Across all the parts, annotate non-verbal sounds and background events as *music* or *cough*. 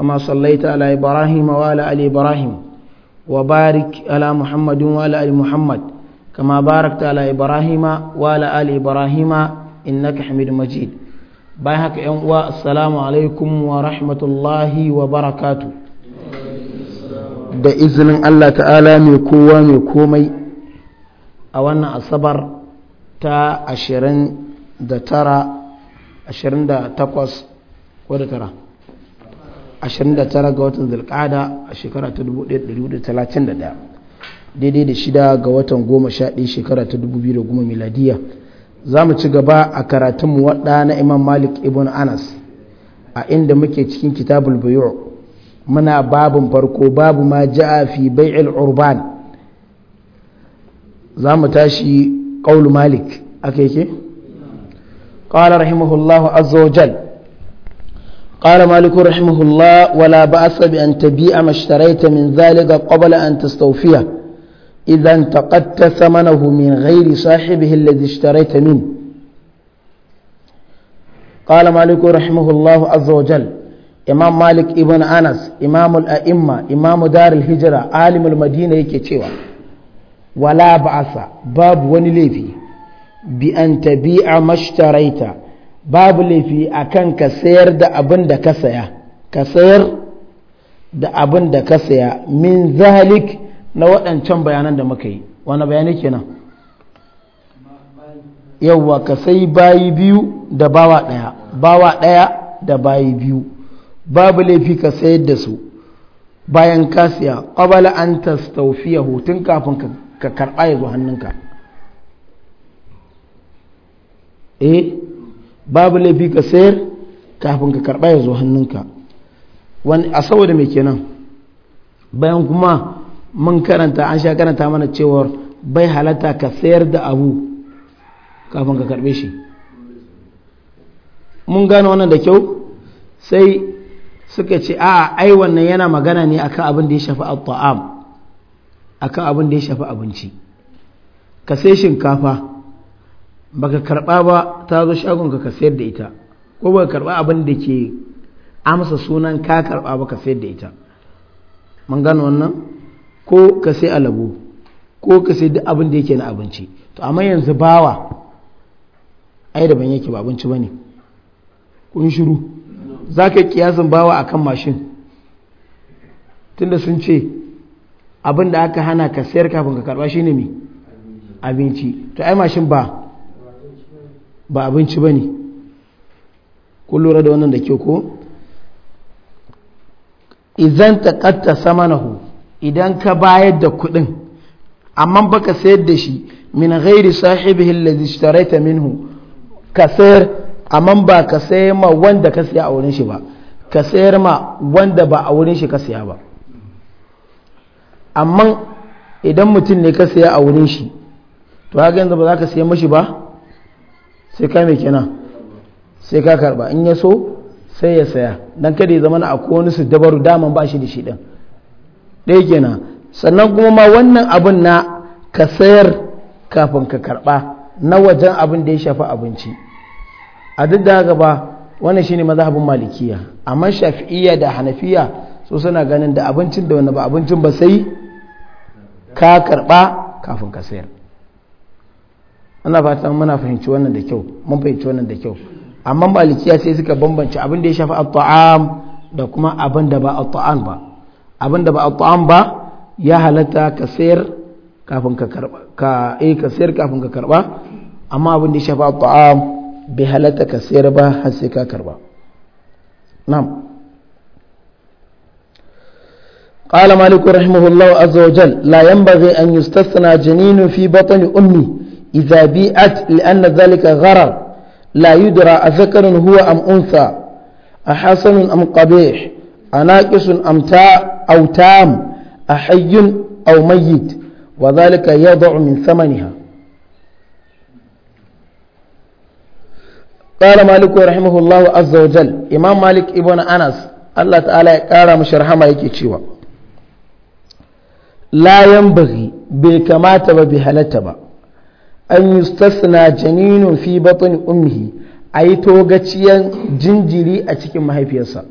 كما صليت على إبراهيم وعلى آل إبراهيم وبارك على محمد وعلى آل محمد كما باركت على إبراهيم وعلى آل إبراهيم إنك حميد مجيد بايهك أنواء السلام عليكم ورحمة الله وبركاته da izinin Allah ta'ala mai kowa mai komai a wannan asabar ta 29 28 ko da tara 29 ga watan zulqada a shekara ta 1931 daidai da shida ga watan goma shekara ta 2010 miladiya za mu ci gaba a karatun waɗa na imam malik ibn anas a inda muke cikin kitabul bayu muna babin farko babu ma ja'a fi bai'il urban za mu tashi qaul malik aka keke qala himahullahu azza قال مالك رحمه الله ولا بأس بأن تبيع ما اشتريت من ذلك قبل أن تستوفيه إذا انتقدت ثمنه من غير صاحبه الذي اشتريت منه قال مالك رحمه الله عز وجل إمام مالك ابن أنس إمام الأئمة إمام دار الهجرة عالم المدينة يكتوى ولا بأس باب ونليفي بأن تبيع ما اشتريت babu laifi akan ka sayar da abin da ka saya ka sayar da abin da ka saya min zahalik na waɗancan bayanan da muka yi wani bayani kenan yawwa ka sai bayi biyu da bawa ɗaya bawa ɗaya da bayi biyu babu laifi ka sayar da su bayan ka saya ƙwabala an tastaufiya hutun kafin ka karɓa ya hannunka eh babu laifi ka sayar kafin ka karɓa ya zo hannunka wani a saboda mai kenan bayan kuma mun karanta an sha karanta mana cewar bai halatta ka sayar da abu kafin ka karɓe shi mun gano wannan da kyau sai suka ce a ai wannan yana magana ne akan abin da ya shafi al-ta'am akan abin da ya shafi abinci ka sai shinkafa baka karba ba ta zo shagon ka ka sayar da ita ko baka karba abin da ke amsa sunan ka karba ba ka sayar da ita mun gano wannan ko ka sai alabo ko ka sai duk abin da yake na abinci to amma yanzu bawa ai da ban yake ba abinci bane kun shiru zaka kiyasin bawa akan mashin tunda sun ce abin da aka hana ka sayar kafin ka karba shine me abinci to ai mashin ba ba abinci ba ne kun da wannan da ke ko idan ta katta hu idan ka bayar da kuɗin amma baka sayar da shi min ghairi sahibihi allazi ishtaraita minhu ka sayar amma ba ka sayar ma wanda ka siya a wurin shi ba ka sayar ma wanda ba a wurin shi ka siya ba amma idan mutum ne ka siya a wurin shi to haka yanzu ba za ka siya mashi ba sai ka mai kenan sai ka karba in ya so sai ya saya don kada ya zama na akwai wani su dabaru daman ba shi da shi din ɗaya kenan sannan kuma ma wannan abin na ka sayar kafin ka karba na wajen abin da ya shafi abinci a duk da haka wannan shine mazhabin malikiya amma shafi'iyya da hanafiya su suna ganin da abincin da wani ba abincin ba sai ka karba kafin ka sayar ana fatan muna fahimci wannan da kyau mun fahimci wannan da kyau amma malikiya sai suka bambance abin da ya shafi at-ta'am da kuma abin da ba at-ta'am ba abin da ba at-ta'am ba ya halatta ka sayar kafin ka karba ka eh ka sayar kafin ka karba amma abin da ya shafi at-ta'am bai halatta ka sayar ba har sai ka karba na'am قال مالك رحمه الله عز وجل لا ينبغي أن يستثنى جنين في بطن أمي إذا بيئت لأن ذلك غرر لا يدرى أذكر هو أم أنثى أحسن أم قبيح أناقص أم تاء أو تام أحي أو ميت وذلك يضع من ثمنها قال مالك رحمه الله عز وجل إمام مالك ابن أنس الله تعالى قال مشرحة ما يكي لا ينبغي بكما تبا بهلتبا an yustasna janinun fi batun umhi a yi togaciyan jinjiri a cikin mahaifiyarsa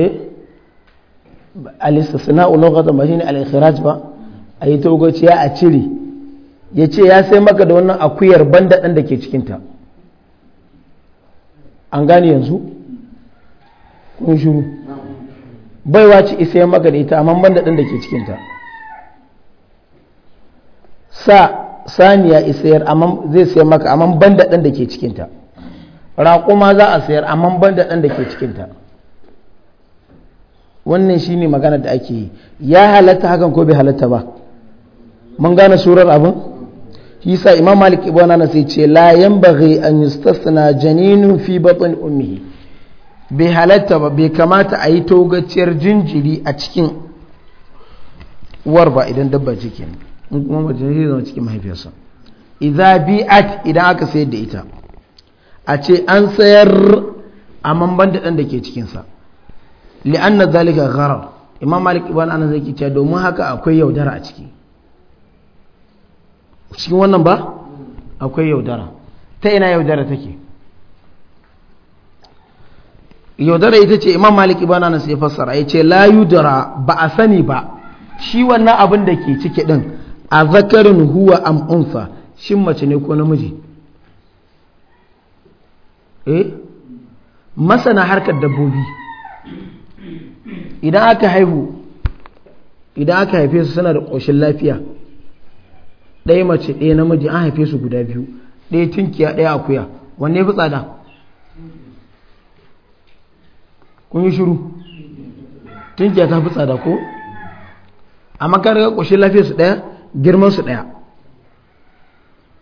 eh alistasna ulogatan ba shi ne ikhraj ba a yi togaciya a cire ya ce ya sai maka da wannan akuyar banda ɗan da ke cikinta an gane yanzu kun shuru baiwa ce isa maka da ita amma banda ɗan da ke cikinta sa saniya isayar amma zai sayar maka amma banda ɗan da ke cikinta ma za a sayar amma banda ɗan da ke cikinta wannan shine magana da ake yi ya halatta hakan ko bai halatta ba mun gane surar abin yasa imam malik ibn anas sai ce la yanbaghi an yustasna janinu fi batn ummihi bai halatta ba bai kamata a yi togaciyar jinjiri a cikin uwar ba idan dabba cikin in kuma mace ne zai zama cikin mahaifiyarsa idza bi'at idan aka sayar da ita a ce an sayar a mamban da ɗan da ke cikinsa li'anna zalika gharar imam malik ibn anas yake cewa domin haka akwai yaudara a ciki cikin wannan ba akwai yaudara ta ina yaudara take yaudara ita ce imam malik ibn anas ya fassara ya ce la yudara ba a sani ba shi wannan abin da ke ciki din a zakarin huwa am unsa shin mace ne ko namiji eh masana harkar dabbobi idan aka haihu idan aka haife su suna da ƙoshin lafiya ɗaya mace ɗaya namiji an haife su guda biyu ɗaya tunkiya ɗaya akuya wanne fi tsada kun yi shiru tunkiya ta fi tsada ko amma makarar ƙoshin lafiya su ɗaya girman su daya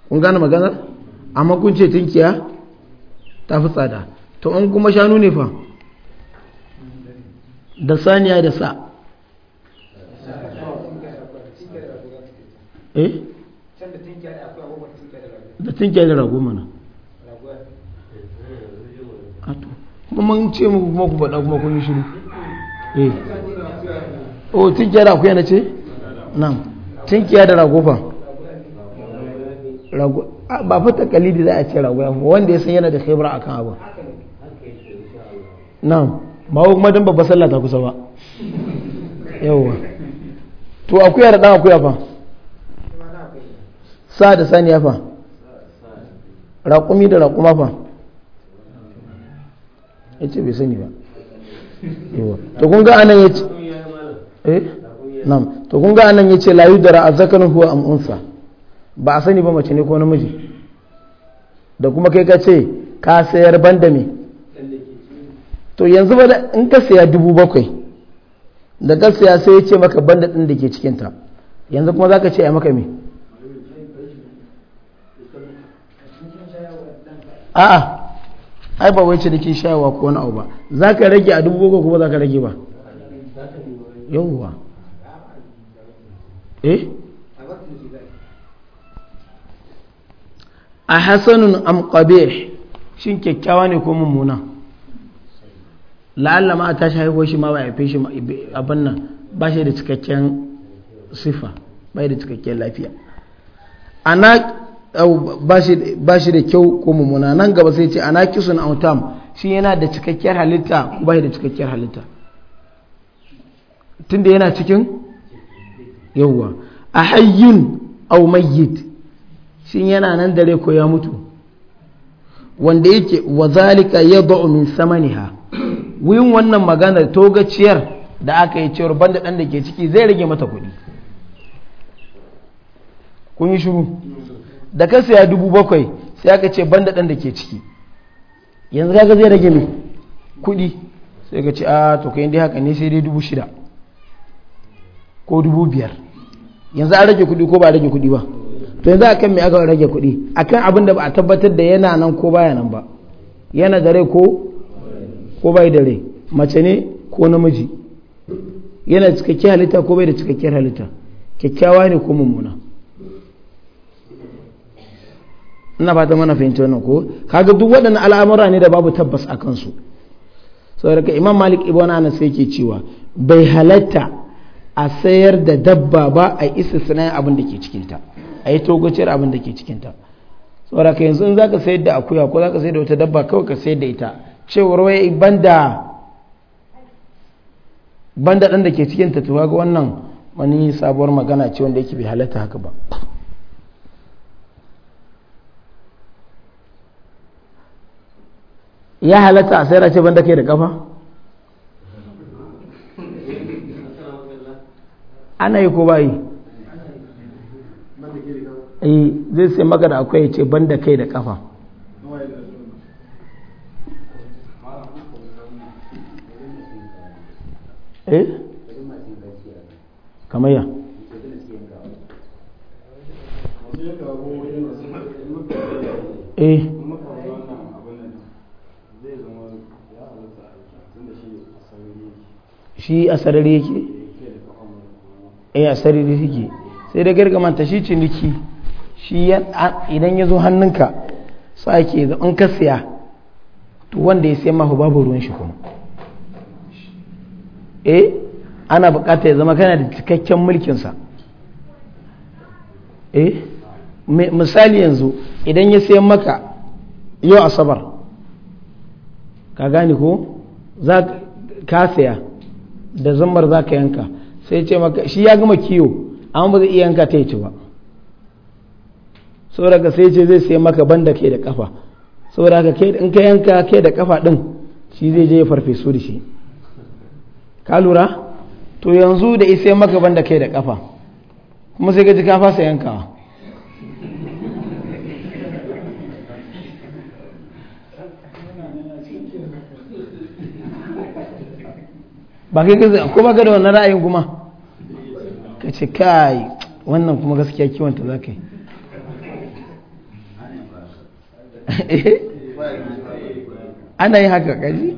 kun gane maganar amma kun ce tinkiya ta fi tsada to an kuma shanu ne fa da saniya da sa eh da tinkiya da rago mana kuma mun ce muku kuma ku faɗa kuma kun yi shiru eh o oh, tinkiya da akwai na ce nan tunkiya da ragofa ba fata kalidi za a ce ragoya wanda ya san yana da khibra kan abu na ba kuma dan babba sallah ta kusa ba yawwa to akuya da dan akuya fa sa da saniya fa raƙumi da raƙuma fa ya ce bai sani ba to kun ga anan ya ce eh nam to kun ga anan yace la yudara azzakan huwa am unsa ba a sani ba mace ne ko namiji da kuma kai ka ce ka sayar banda me to yanzu ba in ka saya dubu bakwai da ka saya sai ya ce maka banda din da ke cikinta yanzu kuma za ka ce a maka me a'a ai ba wai ce ciniki shayawa ko wani abu ba za ka rage a dubu bakwai kuma za ka rage ba yawwa eh a hasanun amqabih shin kyakkyawa ne ko mummuna la'alla ma ta shi haifo shi ma ba haife shi abin nan ba shi da cikakken sifa ba da cikakken lafiya ana ba shi da kyau ko mummuna nan gaba sai ce ana kisun autam shi yana da cikakkiyar halitta ba ba da cikakkiyar halitta tunda yana cikin yawwa a hayyun au mayyit shin yana nan dare ko ya mutu wanda yake wa zalika yad'u min samaniha wuyin wannan magana togaciyar da aka yi cewar banda ɗan da ke ciki zai rage mata kuɗi kun yi shiru da ka saya dubu bakwai sai aka ce banda ɗan da ke ciki yanzu kaga zai rage mai kuɗi sai ka ce a ah, to kai dai haka ne sai dai dubu shida ko dubu biyar yanzu an rage kuɗi ko ba rage kuɗi ba to yanzu akan me aka rage kuɗi akan abin da ba a tabbatar da yana nan ko baya nan ba yana dare ko ko bai dare mace ne ko namiji yana cikakken halitta ko bai da cikakken halitta kyakkyawa ne ko mummuna ina fata mana fahimci wannan ko kaga duk waɗannan al'amura ne da babu tabbas a kansu saboda imam malik ibn anas yake cewa bai halatta a sayar da dabba ba a istisnayin abin da ke cikinta a yi togaciyar abin da ke cikinta tsora ka yanzu in za ka sayar da akuya ko za ka sayar da wata dabba kawai ka sayar da ita cewar wai banda banda ɗan da ke cikinta to ga wannan wani sabuwar magana ce wanda yake bai halatta haka ba ya halatta a sayar a ce banda kai da kafa ana yi ko ba yi eh, zai sai maka da akwai ya ce ban da kai da kafa eh kamar ya eh shi a sarari yake ya a suke sai da gargamanta shi ciniki shi idan ya zo hannunka sa ke in ka to wanda ya sai mafi babu ruwan shi kuma eh ana bukata ya zama kana da cikakken mulkinsa e misali yanzu idan ya sai maka yau asabar ka gane ko za ka siya da zambar za ka yanka sai ce maka shi ya gama kiyo amma ba zai iya yanka ta ci ba saboda ka sai ce zai sai maka banda ke da kafa saboda ka in ka yanka ke da kafa din shi zai je ya su da shi ka lura to yanzu da isai maka banda ke da kafa kuma sai ka ji ka fasa yankawa ba kai ko ba ka da wannan ra'ayin kuma ka ce kai wannan kuma gaskiya kiwonta za ka yi *laughs* ana yi haka kaji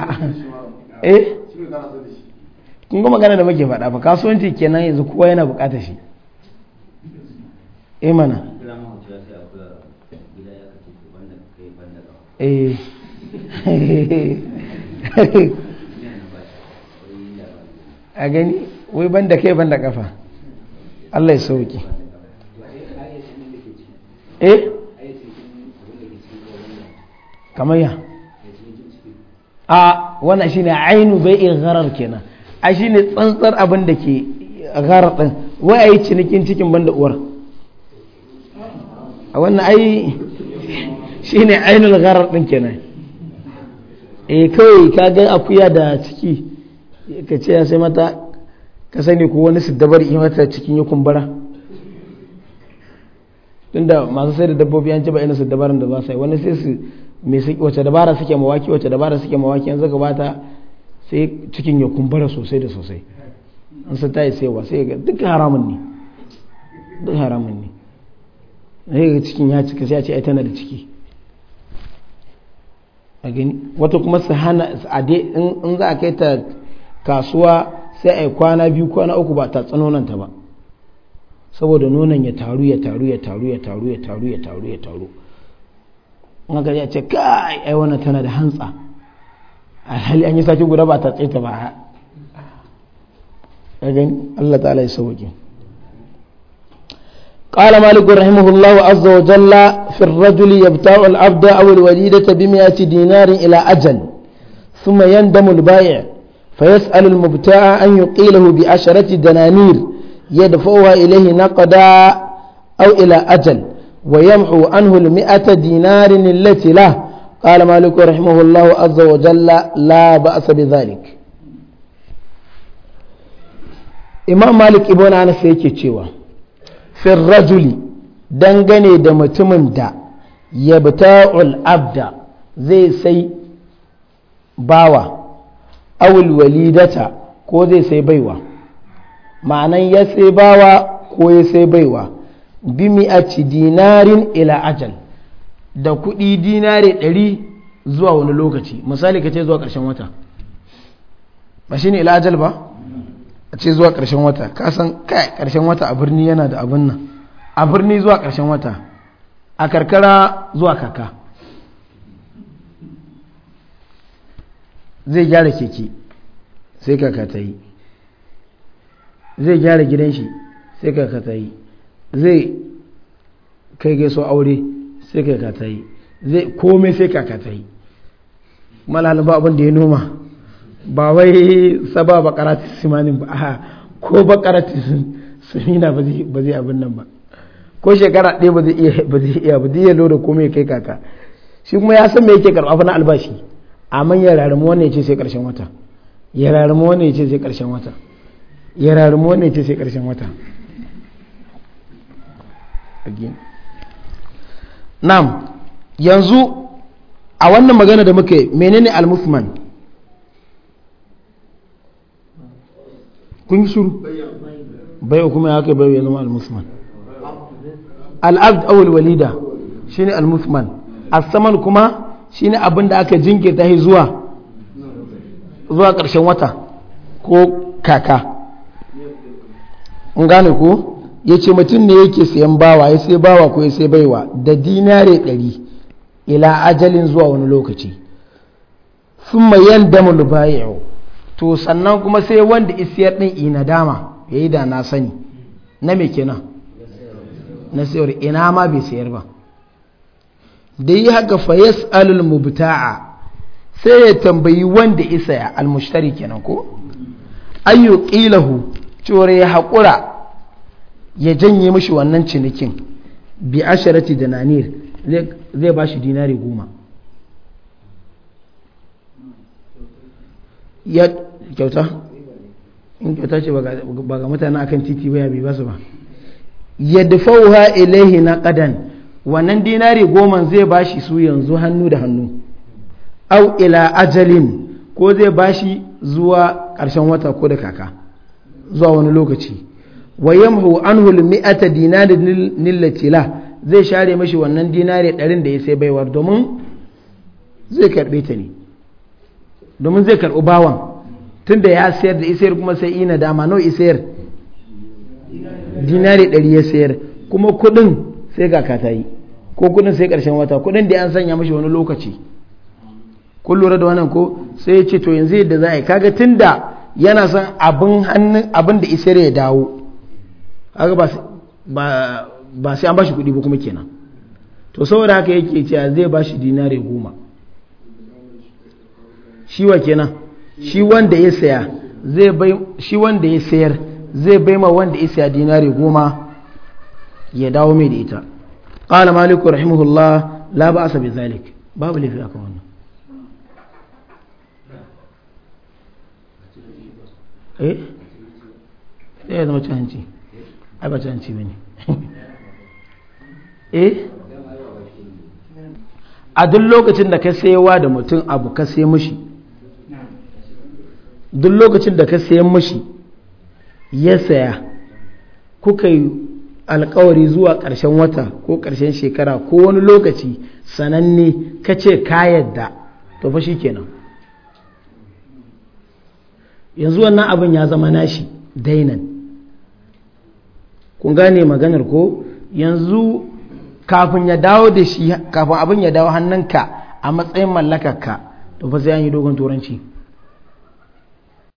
*laughs* eh kun ga magana da muke faɗa ba kasuwanci kenan yanzu kowa yana bukata shi eh mana eh *laughs* a gani wai ban da kai ban da kafa Allah ya sauki eh kamar ya a wannan shine ainu bai gharar kenan a shine tsantsar abin da ke gharar din wai ayi cinikin cikin banda uwar a wannan ai *laughs* shine ainul gharar din kenan eh kai ga akuya da ciki ka ce ya sai mata ka sani ko wani su dabar yi mata cikin yi kumbara tunda masu sai da dabbobi an ci ba ina su dabarun da za su yi wani sai su wace dabara suke mawaki wace dabara suke mawaki yanzu gabata sai cikin ya kumbara sosai da sosai an su ta yi wa sai ga duk haramun ne duk haramun ne sai ga cikin ya cika sai a ce ai tana da ciki a gani wata kuma su hana a in za a kai ta kasuwa sai a yi kwana biyu kwana uku ba ta tsanonanta ba saboda nonon ya taru ya taru ya taru ya taru ya taru ya taru ya taru wanda ya ce kai ai wannan tana da hantsa alhali an yi sake guda ba ta tsaita ba gani Allah ta'ala ya sauke قال مالك رحمه الله عز وجل في الرجل يبتاع العبد أو الوليدة بمئة دينار إلى أجل ثم يندم البائع فيسأل المبتاع أن يقيله بعشرة دنانير يدفعها إليه نقدا أو إلى أجل ويمحو عنه المئة دينار التي له قال مالك رحمه الله عز وجل لا بأس بذلك imam malik ibn anas yake cewa fil rajuli dangane da mutumin da yabta'ul abda zai sai bawa awul walidata ko zai sai baiwa ma'anan ya sai bawa ko ya sai baiwa bi mi'ati dinarin ila ajal da kudi dinare ɗari zuwa wani lokaci misali ka ce zuwa ƙarshen wata ba shi ne ila ajal ba a ce zuwa ƙarshen wata san kai ƙarshen wata a birni yana da abin nan a birni zuwa ƙarshen wata a karkara zuwa kaka zai gyara keke sai kaka ta yi zai gyara gidan shi sai kaka ta yi zai kai gaiso aure sai kaka ta yi zai komai sai kaka ta yi malalin ba abin da ya noma ba wai saba bakara simanin ba a ko bakara simina ba zai abin nan ba ko shekara ɗaya ba zai iya ba zai iya lura kome komai kai kaka shi kuma ya san me yake karɓa na albashi amma ya rarumu wannan ya ce sai ƙarshen wata ya rarumu wannan ya ce sai ƙarshen wata ya rarumu wannan ya ce sai ƙarshen wata nam yanzu a wannan magana da muke menene al-musman kun shuru bai kuma ya kai bai ya zama al-musman al-abd awul walida shine al-musman as-saman kuma shine abin da aka jinkirta shi zuwa zuwa ƙarshen wata ko kaka in gane ko ya ce mutum ne yake sayan bawa ya sai bawa ko ya sai baiwa da dinare ɗari ila ajalin zuwa wani lokaci sun mayan damar lubayewa to sannan kuma sai wanda isiyar ɗin ina dama ya yi da na sani na mai kenan na sayar ina ma bai sayar ba da yi haka fa yas'alul mubta'a sai ya tambayi wanda isa ya almushtari kenan ko ayyu qilahu cewa ya haƙura ya janye mishi wannan cinikin bi asharati dinanir zai bashi dinari goma ya kyauta in kyauta ce ba ga mutane akan titi waya bai basu ba ya dafauha ilaihi na ƙadan wannan dinari goma zai bashi su yanzu hannu da hannu au ila ajalin ko zai bashi zuwa ƙarshen wata ko da kaka zuwa wani lokaci wa hulmi ata ta dinari nillatila zai share mashi wannan dinari ɗarin da ya sai baiwar domin zai karɓe ta ne domin zai karɓi bawan tunda ya sayar da isayar kuma sai ina dama n'au'i isayar dinari ɗari ya sayar kuma kuɗin sai ga yi ko kudin sai karshen wata kudin da an sanya mashi wani lokaci kun da wannan ko sai ya ce to yanzu yadda za a yi kaga tun da yana son abin hannun abin da isar ya dawo kaga ba sai an bashi kudi ba kuma kenan to saboda haka yake cewa zai bashi dinare goma shi wa kenan shi wanda ya shi wanda ya sayar zai bai ma wanda ya saya dinare goma ya dawo mai da ita ƙala maliku rahimahullah la ba'sa bi zalik babu lafi akan wannan eh? eh ya zama canci ai ba canci bane *laughs* eh a duk lokacin da ka sayewa da mutum abu ka sai mushi duk lokacin da ka sayan mushi ya saya kuka yi alkawari zuwa ƙarshen wata ko ƙarshen shekara ko wani lokaci sananne ka ce ka yadda to fa shi kenan yanzu wannan abin ya zama nashi dainan kun gane maganar ko yanzu kafin ya dawo da shi kafin abin ya dawo hannunka a matsayin mallakarka to fa sai an yi dogon turanci